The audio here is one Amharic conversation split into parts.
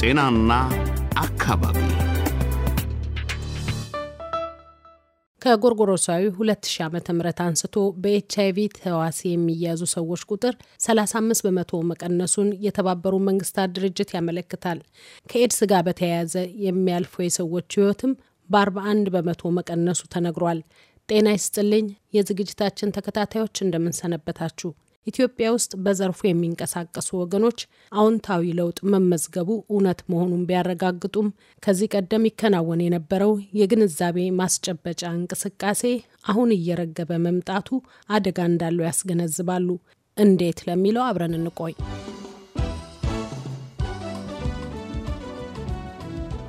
ጤናና አካባቢ ከጎርጎሮሳዊ 2000 ዓ ም አንስቶ በኤች ተዋሲ የሚያዙ ሰዎች ቁጥር 35 በመቶ መቀነሱን የተባበሩ መንግስታት ድርጅት ያመለክታል። ከኤድስ ጋር በተያያዘ የሚያልፈው የሰዎች ህይወትም በ41 በመቶ መቀነሱ ተነግሯል። ጤና ይስጥልኝ የዝግጅታችን ተከታታዮች እንደምንሰነበታችሁ። ኢትዮጵያ ውስጥ በዘርፉ የሚንቀሳቀሱ ወገኖች አዎንታዊ ለውጥ መመዝገቡ እውነት መሆኑን ቢያረጋግጡም ከዚህ ቀደም ይከናወን የነበረው የግንዛቤ ማስጨበጫ እንቅስቃሴ አሁን እየረገበ መምጣቱ አደጋ እንዳለው ያስገነዝባሉ። እንዴት ለሚለው አብረን እንቆይ።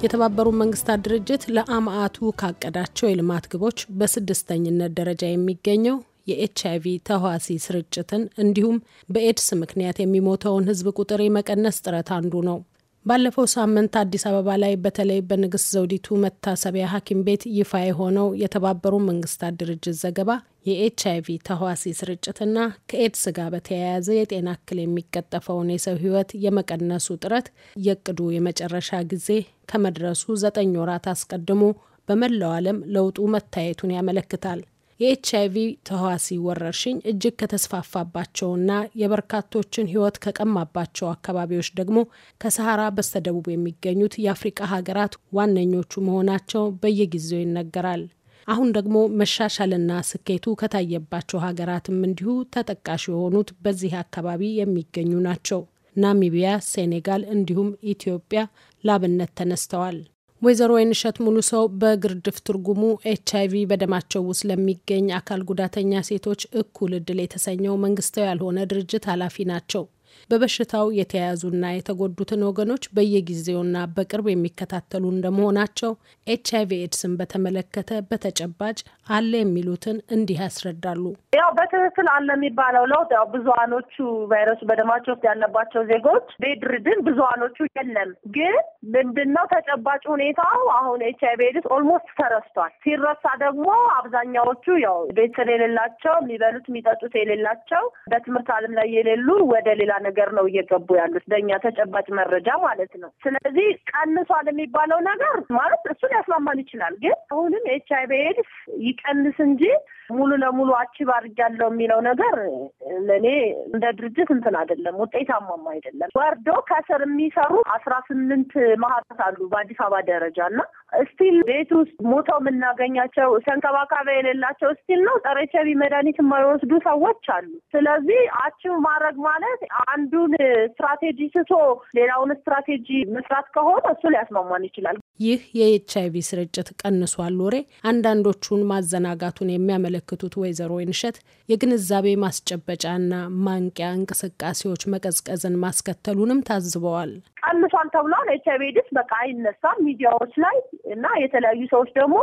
የተባበሩት መንግስታት ድርጅት ለአማአቱ ካቀዳቸው የልማት ግቦች በስድስተኝነት ደረጃ የሚገኘው የኤች አይቪ ተህዋሲ ስርጭትን እንዲሁም በኤድስ ምክንያት የሚሞተውን ህዝብ ቁጥር የመቀነስ ጥረት አንዱ ነው። ባለፈው ሳምንት አዲስ አበባ ላይ በተለይ በንግስት ዘውዲቱ መታሰቢያ ሐኪም ቤት ይፋ የሆነው የተባበሩ መንግስታት ድርጅት ዘገባ የኤች አይቪ ተህዋሲ ስርጭትና ከኤድስ ጋር በተያያዘ የጤና እክል የሚቀጠፈውን የሰው ህይወት የመቀነሱ ጥረት የቅዱ የመጨረሻ ጊዜ ከመድረሱ ዘጠኝ ወራት አስቀድሞ በመላው ዓለም ለውጡ መታየቱን ያመለክታል። የኤች አይቪ ተህዋሲ ወረርሽኝ እጅግ ከተስፋፋባቸውና የበርካቶችን ህይወት ከቀማባቸው አካባቢዎች ደግሞ ከሰሐራ በስተደቡብ የሚገኙት የአፍሪቃ ሀገራት ዋነኞቹ መሆናቸው በየጊዜው ይነገራል። አሁን ደግሞ መሻሻልና ስኬቱ ከታየባቸው ሀገራትም እንዲሁ ተጠቃሽ የሆኑት በዚህ አካባቢ የሚገኙ ናቸው። ናሚቢያ፣ ሴኔጋል እንዲሁም ኢትዮጵያ ላብነት ተነስተዋል። ወይዘሮ ወይንሸት ሙሉ ሰው በግርድፍ ትርጉሙ ኤች አይቪ በደማቸው ውስጥ ለሚገኝ አካል ጉዳተኛ ሴቶች እኩል እድል የተሰኘው መንግስታዊ ያልሆነ ድርጅት ኃላፊ ናቸው። በበሽታው የተያያዙና የተጎዱትን ወገኖች በየጊዜውና በቅርብ የሚከታተሉ እንደመሆናቸው ኤች አይቪ ኤድስን በተመለከተ በተጨባጭ አለ የሚሉትን እንዲህ ያስረዳሉ። ያው በትክክል አለ የሚባለው ለውጥ ያው ብዙሀኖቹ ቫይረሱ በደማቸው ውስጥ ያለባቸው ዜጎች ቤድርድን ብዙሀኖቹ የለም ግን ምንድን ነው ተጨባጭ ሁኔታው? አሁን ኤች አይቪ ኤድስ ኦልሞስት ተረስቷል። ሲረሳ ደግሞ አብዛኛዎቹ ያው ቤተሰብ የሌላቸው የሚበሉት የሚጠጡት የሌላቸው በትምህርት ዓለም ላይ የሌሉ ወደ ሌላ ነገር ነው እየገቡ ያሉት በእኛ ተጨባጭ መረጃ ማለት ነው። ስለዚህ ቀንሷል የሚባለው ነገር ማለት እሱን ያስማማን ይችላል። ግን አሁንም ኤች አይቪ ኤድስ ይቀንስ እንጂ ሙሉ ለሙሉ አቺቭ አድርጃለሁ የሚለው ነገር ለእኔ እንደ ድርጅት እንትን አይደለም፣ ውጤታማም አይደለም። ወርዶ ከስር የሚሰሩ አስራ ስምንት ማህበራት አሉ በአዲስ አበባ ደረጃ እና ስቲል ቤት ውስጥ ሞተው የምናገኛቸው ተንከባካቢ የሌላቸው ስቲል ነው ጸረ ኤች አይ መድኃኒት የማይወስዱ ሰዎች አሉ። ስለዚህ አቺቭ ማድረግ ማለት አንዱን ስትራቴጂ ስቶ ሌላውን ስትራቴጂ መስራት ከሆነ እሱ ሊያስማማን ይችላል። ይህ የኤች አይቪ ስርጭት ቀንሷል ወሬ አንዳንዶቹን ማዘናጋቱን የሚያመለ የሚያመለክቱት ወይዘሮ ይንሸት የግንዛቤ ማስጨበጫና ማንቂያ እንቅስቃሴዎች መቀዝቀዝን ማስከተሉንም ታዝበዋል። ቀንሷል ተብሏል። ኤች አይቪ ኤድስ በቃ አይነሳም ሚዲያዎች ላይ እና የተለያዩ ሰዎች ደግሞ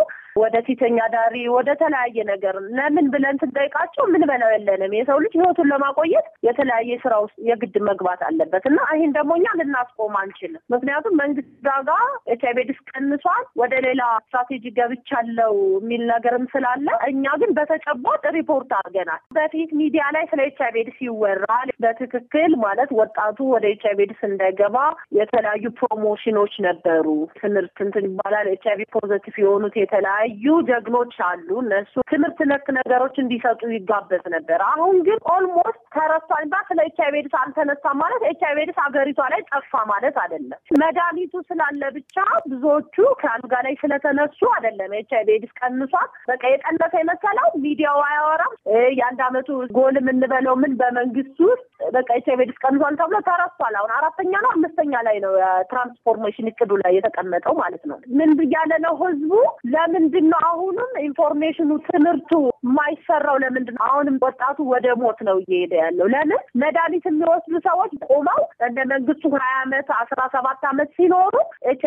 ወደ ፊተኛ ዳሪ ወደ ተለያየ ነገር ለምን ብለን ስንጠይቃቸው ምን በለው የለንም። የሰው ልጅ ህይወቱን ለማቆየት የተለያየ ስራ ውስጥ የግድ መግባት አለበት እና ይህን ደግሞ እኛ ልናስቆም አንችልም። ምክንያቱም መንግስት ዳጋ ኤች አይቪ ኤድስ ቀንሷል ወደ ሌላ ስትራቴጂ ገብቻለው የሚል ነገርም ስላለ እኛ ግን በተጨባጭ ሪፖርት አድርገናል። በፊት ሚዲያ ላይ ስለ ኤች አይቪ ኤድስ ይወራል በትክክል ማለት ወጣቱ ወደ ኤች አይቪ ኤድስ እንዳይገባ የተለያዩ ፕሮሞሽኖች ነበሩ። ትምህርት እንትን ይባላል ኤች አይቪ ፖዘቲቭ የሆኑት የተለያዩ ጀግኖች አሉ። እነሱ ትምህርት ነክ ነገሮች እንዲሰጡ ይጋበዝ ነበር። አሁን ግን ኦልሞስት ተረስቷል ባ ስለ ኤች አይቪ ኤድስ አልተነሳ ማለት ኤች አይቪ ኤድስ ሀገሪቷ ላይ ጠፋ ማለት አይደለም። መድኃኒቱ ስላለ ብቻ ብዙዎቹ ከአልጋ ላይ ስለተነሱ አይደለም ኤች አይቪ ኤድስ ቀንሷል። በቃ የቀነሰ የመሰለው ሚዲያው አያወራም። የአንድ አመቱ ጎል የምንበለው ምን በመንግስት ውስጥ በቃ ኤች አይቪ ኤድስ ቀንሷል ተብሎ ተረስቷል። አሁን አራተኛ ነው አምስተኛ ላይ ነው የትራንስፎርሜሽን እቅዱ ላይ የተቀመጠው ማለት ነው። ምን ብያለ ነው ህዝቡ ለምንድን ነው አሁንም ኢንፎርሜሽኑ ትምህርቱ የማይሰራው ለምንድን ነው? አሁንም ወጣቱ ወደ ሞት ነው እየሄደ ያለው። ለምን መድኃኒት የሚወስዱ ሰዎች ቆመው እንደ መንግስቱ ሀያ አመት አስራ ሰባት አመት ሲኖሩ ኤች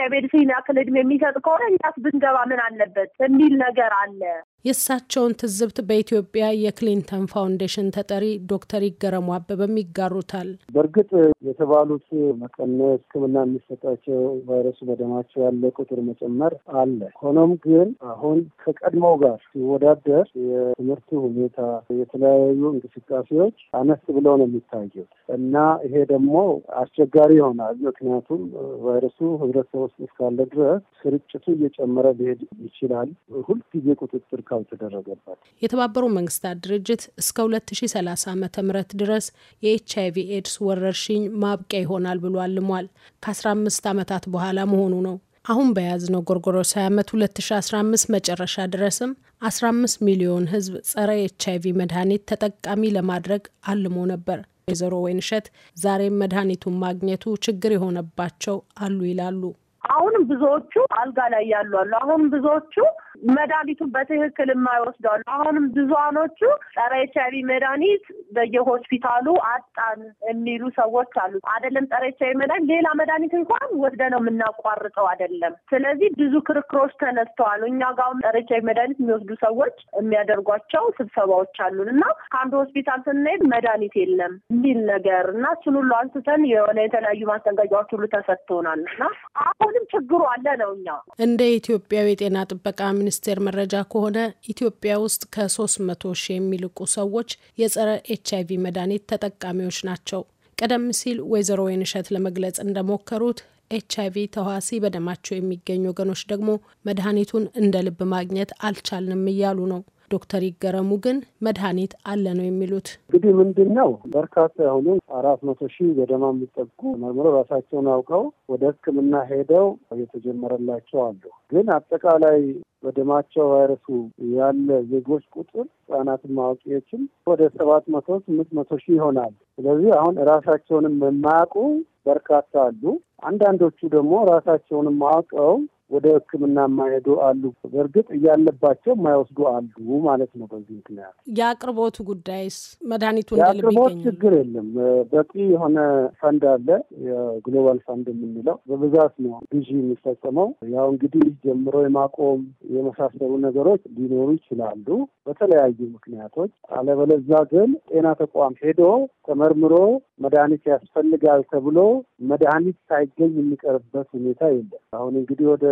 ያክል እድሜ የሚሰጥ ከሆነ እኛስ ብንገባ ምን አለበት የሚል ነገር አለ። የእሳቸውን ትዝብት በኢትዮጵያ የክሊንተን ፋውንዴሽን ተጠሪ ዶክተር ይገረሙ አበበም ይጋሩታል። በእርግጥ የተባሉት መቀነስ፣ ሕክምና የሚሰጣቸው ቫይረሱ በደማቸው ያለ ቁጥር መጨመር አለ። ሆኖም ግን አሁን ከቀድሞው ጋር ሲወዳደር የትምህርቱ ሁኔታ፣ የተለያዩ እንቅስቃሴዎች አነስ ብለው ነው የሚታዩት እና ይሄ ደግሞ አስቸጋሪ ይሆናል። ምክንያቱም ቫይረሱ ህብረተሰብ ውስጥ እስካለ ድረስ ስርጭቱ እየጨመረ ሊሄድ ይችላል። ሁልጊዜ ቁጥጥር ፖለቲካው ተደረገበት። የተባበሩት መንግስታት ድርጅት እስከ 2030 ዓ ም ድረስ የኤች አይቪ ኤድስ ወረርሽኝ ማብቂያ ይሆናል ብሎ አልሟል። ከ15 ዓመታት በኋላ መሆኑ ነው። አሁን በያዝነው ጎርጎሮሳዊ ዓመት 2015 መጨረሻ ድረስም 15 ሚሊዮን ህዝብ ጸረ ኤች አይቪ መድኃኒት ተጠቃሚ ለማድረግ አልሞ ነበር። ወይዘሮ ወይንሸት ዛሬም መድኃኒቱን ማግኘቱ ችግር የሆነባቸው አሉ ይላሉ። አሁንም ብዙዎቹ አልጋ ላይ ያሉ አሉ። አሁንም ብዙዎቹ መድኃኒቱን በትክክል የማይወስዱ አሉ። አሁንም ብዙኖቹ ጸረ ኤች አይቪ መድኃኒት በየሆስፒታሉ አጣን የሚሉ ሰዎች አሉ። አይደለም ጸረ ኤች አይ መድኃኒት ሌላ መድኃኒት እንኳን ወስደ ነው የምናቋርጠው አይደለም። ስለዚህ ብዙ ክርክሮች ተነስተዋል። እኛ ጋ ጸረ ኤች አይ መድኃኒት የሚወስዱ ሰዎች የሚያደርጓቸው ስብሰባዎች አሉን እና ከአንዱ ሆስፒታል ስንሄድ መድኃኒት የለም የሚል ነገር እና እሱን ሁሉ አንስተን የሆነ የተለያዩ ማስጠንቀቂያዎች ሁሉ ተሰጥቶናል እና አሁንም ችግሩ አለ ነው። እኛ እንደ ኢትዮጵያው የጤና ጥበቃ ሚኒስቴር መረጃ ከሆነ ኢትዮጵያ ውስጥ ከሶስት መቶ ሺህ የሚልቁ ሰዎች የጸረ የኤች አይቪ መድኃኒት ተጠቃሚዎች ናቸው። ቀደም ሲል ወይዘሮ ወይንሸት ለመግለጽ እንደሞከሩት ኤች አይቪ ተዋሲ በደማቸው የሚገኙ ወገኖች ደግሞ መድኃኒቱን እንደ ልብ ማግኘት አልቻልንም እያሉ ነው። ዶክተር ይገረሙ ግን መድኃኒት አለ ነው የሚሉት። እንግዲህ ምንድን ነው በርካታ የሆኑ አራት መቶ ሺህ ገደማ የሚጠጉ መርምረው ራሳቸውን አውቀው ወደ ሕክምና ሄደው የተጀመረላቸው አሉ። ግን አጠቃላይ በደማቸው ቫይረሱ ያለ ዜጎች ቁጥር ህጻናትን ማዋቂዎችም ወደ ሰባት መቶ ስምንት መቶ ሺህ ይሆናል። ስለዚህ አሁን ራሳቸውንም የማያውቁ በርካታ አሉ። አንዳንዶቹ ደግሞ ራሳቸውንም አውቀው ወደ ሕክምና የማይሄዱ አሉ። በእርግጥ እያለባቸው የማይወስዱ አሉ ማለት ነው። በዚህ ምክንያት የአቅርቦቱ ጉዳይስ መድኃኒቱ የአቅርቦት ችግር የለም። በቂ የሆነ ፈንድ አለ፣ የግሎባል ፈንድ የምንለው በብዛት ነው ግዢ የሚፈጸመው። ያው እንግዲህ ጀምሮ የማቆም የመሳሰሉ ነገሮች ሊኖሩ ይችላሉ በተለያዩ ምክንያቶች። አለበለዛ ግን ጤና ተቋም ሄዶ ተመርምሮ መድኃኒት ያስፈልጋል ተብሎ መድኃኒት ሳይገኝ የሚቀርበት ሁኔታ የለም። አሁን እንግዲህ ወደ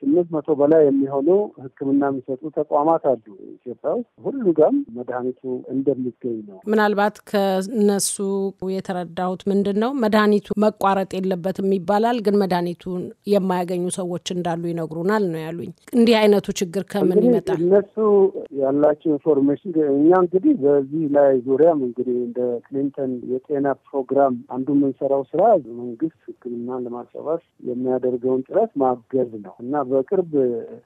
ስምንት መቶ በላይ የሚሆኑ ሕክምና የሚሰጡ ተቋማት አሉ ኢትዮጵያ ውስጥ። ሁሉ ጋም መድኃኒቱ እንደሚገኝ ነው። ምናልባት ከነሱ የተረዳሁት ምንድን ነው መድኃኒቱ መቋረጥ የለበትም ይባላል፣ ግን መድኃኒቱን የማያገኙ ሰዎች እንዳሉ ይነግሩናል ነው ያሉኝ። እንዲህ አይነቱ ችግር ከምን ይመጣል? እነሱ ያላቸው ኢንፎርሜሽን እኛ እንግዲህ በዚህ ላይ ዙሪያም እንግዲህ እንደ ክሊንተን የጤና ፕሮግራም አንዱ የምንሰራው ስራ መንግስት ሕክምናን ለማሰባስ የሚያደርገውን ጥረት ማገዝ ነው እና በቅርብ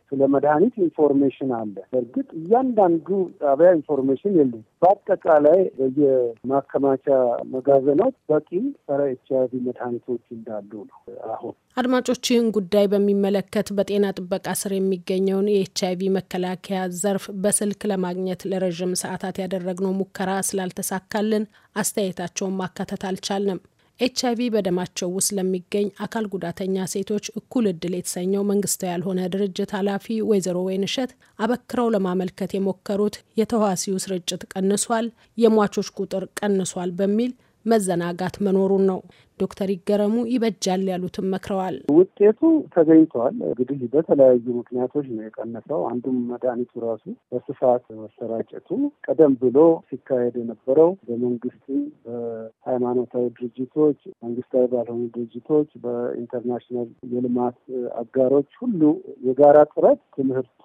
ስለ መድኃኒት ኢንፎርሜሽን አለ። እርግጥ እያንዳንዱ ጣቢያ ኢንፎርሜሽን የለም። በአጠቃላይ የማከማቻ መጋዘኖች በቂ ጸረ ኤች መድኃኒቶች እንዳሉ ነው። አሁን አድማጮች ይህን ጉዳይ በሚመለከት በጤና ጥበቃ ስር የሚገኘውን የኤች አይቪ መከላከያ ዘርፍ በስልክ ለማግኘት ለረዥም ሰዓታት ያደረግነው ሙከራ ስላልተሳካልን አስተያየታቸውን ማካተት አልቻልንም። ኤች አይቪ በደማቸው ውስጥ ለሚገኝ አካል ጉዳተኛ ሴቶች እኩል እድል የተሰኘው መንግስታዊ ያልሆነ ድርጅት ኃላፊ ወይዘሮ ወይንሸት አበክረው ለማመልከት የሞከሩት የተዋሲው ስርጭት ቀንሷል፣ የሟቾች ቁጥር ቀንሷል በሚል መዘናጋት መኖሩን ነው። ዶክተር ይገረሙ ይበጃል ያሉትም መክረዋል። ውጤቱ ተገኝተዋል። እንግዲህ በተለያዩ ምክንያቶች ነው የቀነሰው። አንዱም መድኃኒቱ ራሱ በስፋት መሰራጨቱ ቀደም ብሎ ሲካሄድ የነበረው በመንግስት በሃይማኖታዊ ድርጅቶች፣ መንግስታዊ ባልሆኑ ድርጅቶች፣ በኢንተርናሽናል የልማት አጋሮች ሁሉ የጋራ ጥረት ትምህርቱ፣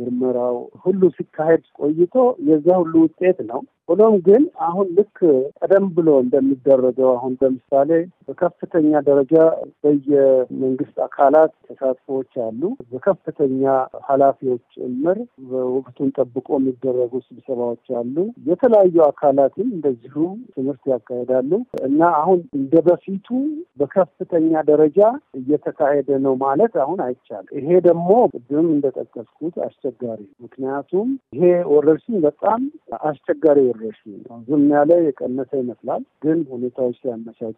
ምርመራው ሁሉ ሲካሄድ ቆይቶ የዛ ሁሉ ውጤት ነው። ሆኖም ግን አሁን ልክ ቀደም ብሎ እንደሚደረገው አሁን ለምሳሌ በከፍተኛ ደረጃ በየመንግስት አካላት ተሳትፎዎች አሉ። በከፍተኛ ኃላፊዎች ጭምር ወቅቱን ጠብቆ የሚደረጉ ስብሰባዎች አሉ። የተለያዩ አካላትም እንደዚሁ ትምህርት ያካሄዳሉ እና አሁን እንደ በፊቱ በከፍተኛ ደረጃ እየተካሄደ ነው ማለት አሁን አይቻልም። ይሄ ደግሞ ቅድም እንደጠቀስኩት አስቸጋሪ ምክንያቱም ይሄ ወረርሽኝ በጣም አስቸጋሪ ወረርሽኝ ዝም ያለ የቀነሰ ይመስላል፣ ግን ሁኔታዎች ሲያመቻቹ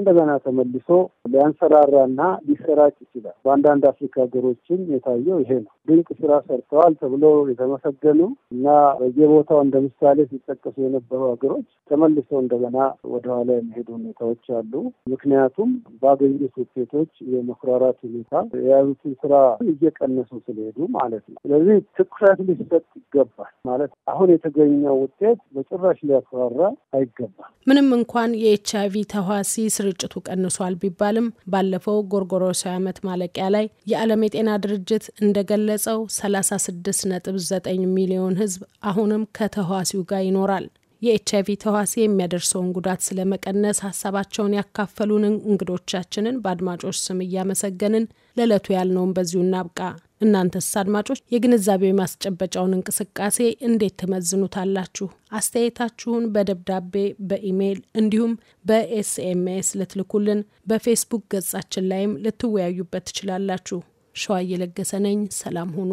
እንደገና ተመልሶ ሊያንሰራራና ሊሰራጭ ይችላል። በአንዳንድ አፍሪካ ሀገሮችም የታየው ይሄ ነው። ድንቅ ስራ ሰርተዋል ተብሎ የተመሰገኑ እና በየቦታው እንደ ምሳሌ ሲጠቀሱ የነበሩ ሀገሮች ተመልሶ እንደገና ወደኋላ የሚሄዱ ሁኔታዎች አሉ። ምክንያቱም ባገኙት ውጤቶች የመኩራራት ሁኔታ የያዙትን ስራ እየቀነሱ ስለሄዱ ማለት ነው። ስለዚህ ትኩረት ሊሰጥ ይገባል ማለት አሁን የተገኘው ውጤት በጭራሽ ሊያኩራራ አይገባም። ምንም እንኳን የኤች አይቪ ተህዋሲ ስር ስርጭቱ ቀንሷል ቢባልም ባለፈው ጎርጎሮሳዊ ዓመት ማለቂያ ላይ የዓለም የጤና ድርጅት እንደገለጸው 36.9 ሚሊዮን ሕዝብ አሁንም ከተህዋሲው ጋር ይኖራል። የኤች አይቪ ተዋሲ የሚያደርሰውን ጉዳት ስለመቀነስ ሀሳባቸውን ያካፈሉን እንግዶቻችንን በአድማጮች ስም እያመሰገንን ለዕለቱ ያልነውን በዚሁ እናብቃ። እናንተስ አድማጮች የግንዛቤ ማስጨበጫውን እንቅስቃሴ እንዴት ትመዝኑታላችሁ? አስተያየታችሁን በደብዳቤ በኢሜይል እንዲሁም በኤስኤምኤስ ልትልኩልን፣ በፌስቡክ ገጻችን ላይም ልትወያዩበት ትችላላችሁ። ሸዋ እየለገሰ ነኝ። ሰላም ሁኑ።